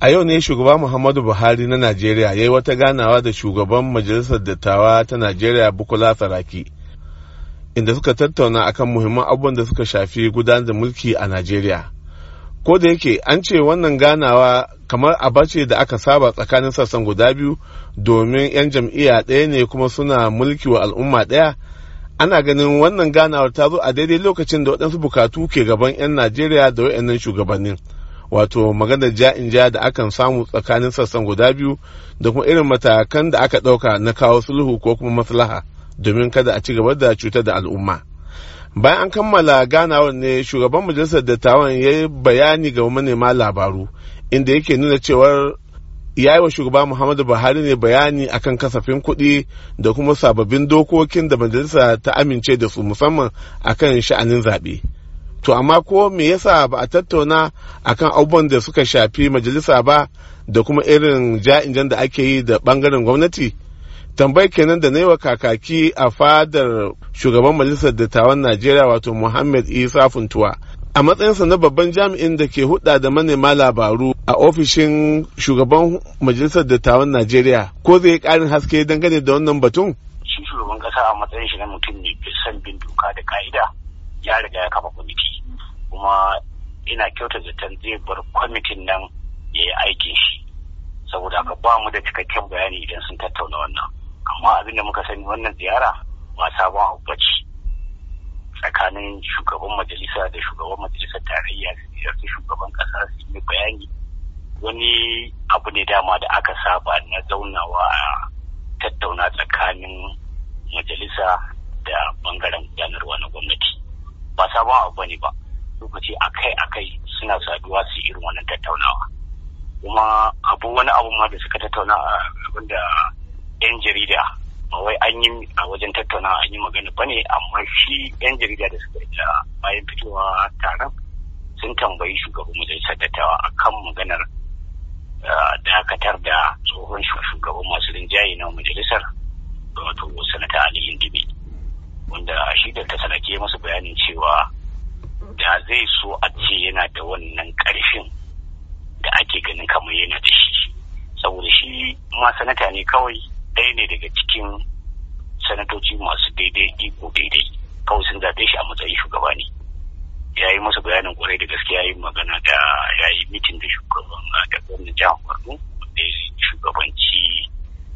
a yau ne shugaba muhammadu buhari na najeriya ya yi wata ganawa da shugaban majalisar dattawa ta najeriya bukola saraki inda suka tattauna akan muhimman abubuwan da suka shafi gudanar da mulki a najeriya ko da yake an ce wannan ganawa kamar a bace da aka saba tsakanin sassan guda biyu domin 'yan jam'iyya ɗaya ne kuma suna mulki wa al'umma ɗaya ana ganin wannan ganawar ta zo a daidai lokacin da waɗansu bukatu ke gaban 'yan najeriya da waɗannan shugabannin wato maganar ja'in ja da akan samu tsakanin sassan guda biyu da kuma irin matakan da aka ɗauka na kawo sulhu ko kuma maslaha domin kada a ci gaba da cutar da al'umma bayan an kammala ganawar ne shugaban majalisar dattawan ya yi bayani ga manema labaru inda yake nuna cewar ya yi wa shugaba muhammadu buhari ne bayani akan kasafin kuɗi da kuma sababbin dokokin da majalisa ta amince da su musamman akan sha'anin zaɓe. to amma ko me yasa ba a tattauna akan abubuwan da suka shafi majalisa ba da kuma irin ja'injan da ake yi da bangaren gwamnati Tambayi kenan da na yi wa kakaki a fadar shugaban majalisar dattawan najeriya wato muhammad isa funtuwa a matsayinsa na babban jami'in da ke hudda da manema labaru a ofishin shugaban majalisar dattawan najeriya ko zai yi karin haske dangane da wannan batun shi shugaban kasa a matsayin shi na mutum ne san bin doka da ka'ida ya riga ya kafa kwamiti kuma ina kyauta zaton zai bar kwamitin nan ya yi aikin shi saboda ka ba mu da cikakken bayani idan sun tattauna wannan amma abin da muka sani wannan ziyara ba sabon abu bace tsakanin shugaban majalisa da shugaban majalisar tarayya su shugaban kasa su yi bayani wani abu ne dama da aka saba na zaunawa a tattauna tsakanin majalisa da bangaren gudanarwa na gwamnati ba sabon abu bane ba lokaci akai akai suna saduwa su irin wannan tattaunawa kuma abu wani abu ma da suka tattauna abin da yan jarida ba wai an yi a wajen tattaunawa an yi magana ba ne? amma shi yan jarida da suka yi bayan fitowa taron sun tambayi shugaban majalisar dattawa kan maganar ah, dakatar da tsohon shugaban masu rinjaye na majalisar yi masa bayanin cewa da zai so a ce yana da wannan ƙarfin da ake ganin kamar yana da shi saboda shi ma sanata ne kawai ɗaya ne daga cikin sanatoci masu daidai iko daidai kawai sun zaɓe shi a matsayin shugaba ne ya yi masa bayanin kwarai da gaskiya yi magana da ya yi mitin da shugaban da gwamnan jihar borno da shugabanci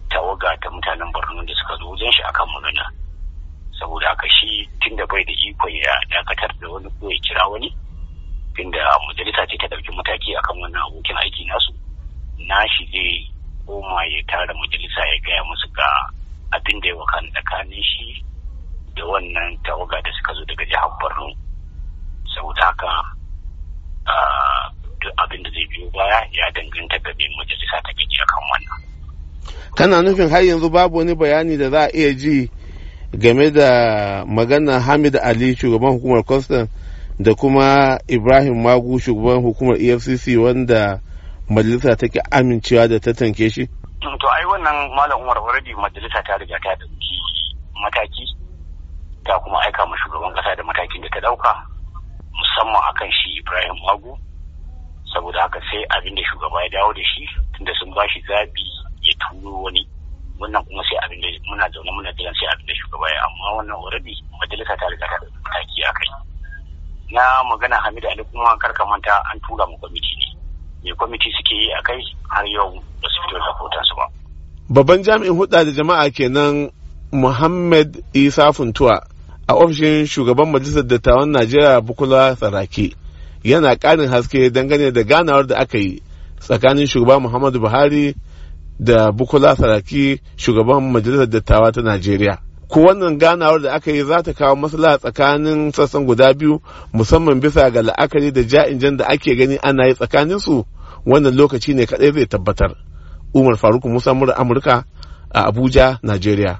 tawaga ta mutanen borno da suka zo wajen shi akan magana saboda haka shi tunda bai da iko ya dakatar da wani ko ya kira wani tunda majalisa ce ta ɗauki mataki akan wannan abokin aiki nasu shi zai koma ya tara majalisa ya gaya musu ga abin da ya wakana tsakanin shi da wannan tawaga da suka zo daga jihar borno saboda haka duk abin da zai biyo baya ya danganta ga mai majalisa ta gaji akan wannan kana nufin har yanzu babu wani bayani da za a iya ji game da magana hamid ali shugaban hukumar constant da kuma ibrahim magu shugaban hukumar efcc wanda majalisa take amincewa da ta shi mm, to ai wannan malam umar waradi majalisa ta riga ta dauki mataki ta kuma aika ma shugaban kasa da matakin da ta dauka musamman akan shi ibrahim magu saboda haka sai abin da shugaba ya dawo da shi tunda sun ba shi zabi ya turo wani wannan kuma sai abin da muna zaune muna jiran sai abin da shugaba ya amma wannan already majalisa ta riga ta mataki a kai na magana hamida ali kuma kar ka manta an tura mu kwamiti ne me kwamiti suke yi a kai har yau ba su fito da su ba babban jami'in hudda da jama'a kenan muhammad isa funtuwa a ofishin shugaban majalisar dattawan najeriya bukula saraki yana ƙarin haske dangane da ganawar da aka yi tsakanin shugaba muhammadu buhari da Bukola Saraki shugaban majalisar dattawa ta Najeriya. Ko wannan ganawar da aka yi za ta kawo maslaha tsakanin sassan guda biyu musamman bisa ga la'akari da ja'injan da ake gani ana yi tsakanin su wannan lokaci ne kadai zai tabbatar. Umar Faruk Musa Mura Amurka a Abuja, Najeriya.